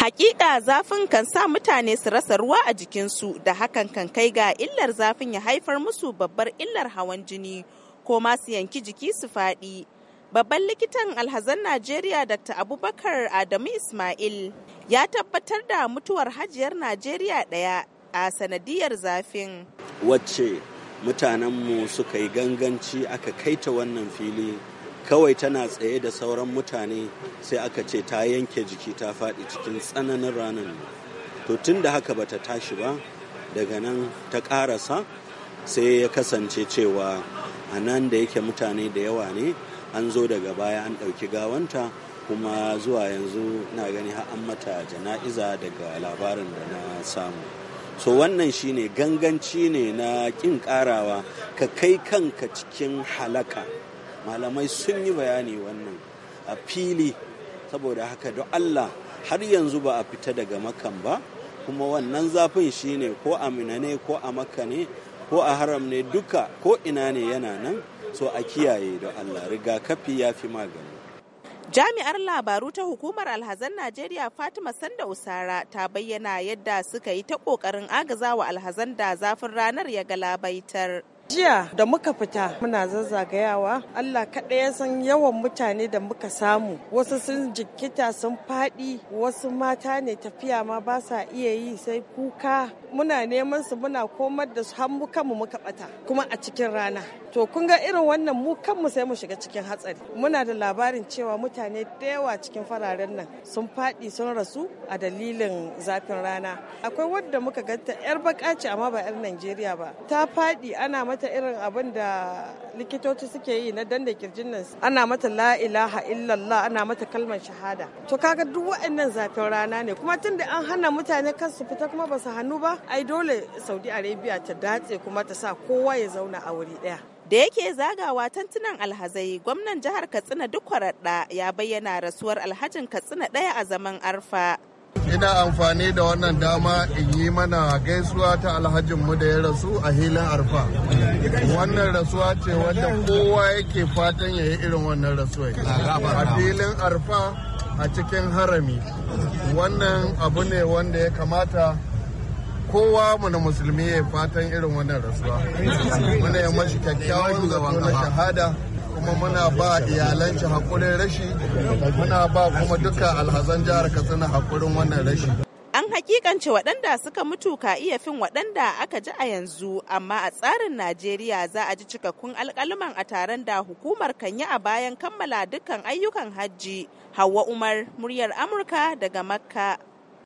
Hakika zafin kan sa mutane su rasa ruwa a jikinsu da hakan kan kai ga illar zafin ya haifar musu babbar illar hawan jini ko masu yanki jiki su faɗi. Babban likitan alhazan Najeriya Dr. Abubakar Adamu Ismail ya tabbatar da mutuwar hajiyar Najeriya ɗaya a sanadiyar zafin. Wacce mutanenmu suka yi ganganci aka kaita wannan fili kawai tana tsaye da sauran mutane sai aka ce ta yanke jiki ta faɗi cikin tsananin ranar to tun da haka bata tashi ba daga nan ta ƙarasa sai ya kasance cewa a nan da yake mutane da yawa ne an zo daga baya an ɗauki gawanta kuma zuwa yanzu na gani an mata jana'iza daga labarin da na samu so wannan shine ganganci ne na ƙin ƙarawa ka kai kanka cikin halaka malamai sun yi bayani wannan a fili saboda haka don allah har yanzu ba a fita daga makan ba kuma wannan zafin shi ne ko a ne ko a makka ne ko a haram ne duka ko ina ne yana nan so a kiyaye don allah rigakafi ya fi magani Jami'ar labaru ta hukumar alhazan Najeriya Fatima Sanda Usara ta bayyana yadda suka yi ta ƙoƙarin agazawa alhazan da zafin ranar ya galabaitar. Jiya da muka fita muna zazzagayawa Allah kaɗai ya san yawan mutane da muka samu wasu sun jikita sun faɗi wasu mata ne tafiya ma ba sa iya yi sai kuka muna neman su muna komar da su har mu kanmu muka bata kuma a cikin rana to kun ga irin wannan mu kanmu sai mu shiga cikin hatsari muna da labarin cewa mutane da yawa cikin fararen nan sun faɗi sun rasu a dalilin zafin rana akwai wadda muka ganta yar Bakaci amma ba yar Najeriya ba ta faɗi ana mata ta irin abin da likitoci suke yi na danda kirjin nan ana mata la ilaha illallah ana mata kalmar shahada to kaga duk wa'annan zafin rana ne kuma tun da an hana mutane kan su fita kuma ba su hannu ba ai dole saudi arabia ta datse kuma ta sa kowa ya zauna a wuri daya da yake zagawa tantunan alhazai gwamnan jihar katsina duk kwararda ya bayyana rasuwar alhajin katsina ɗaya a zaman arfa ina amfani da wannan dama in yi mana gaisuwa ta alhajinmu da ya rasu a hilin arfa wannan rasuwa ce wanda kowa yake fatan ya yi irin wannan rasuwa a filin arfa a cikin harami wannan abu ne wanda ya kamata kowa mu musulmi ya fatan irin wannan rasuwa muna yi mashi kyakkyawan zaman a shahada kuma muna ba iyalanci haƙurin rashi muna ba kuma duka alhazan jihar katsina haƙurin wannan rashi An hakikance waɗanda suka mutu ka iya fin waɗanda aka ji a yanzu, amma a tsarin Najeriya za a ji cikakkun alƙaluman a taron da hukumar kan yi a bayan kammala dukkan ayyukan hajji. Hauwa Umar, muryar Amurka daga Makka.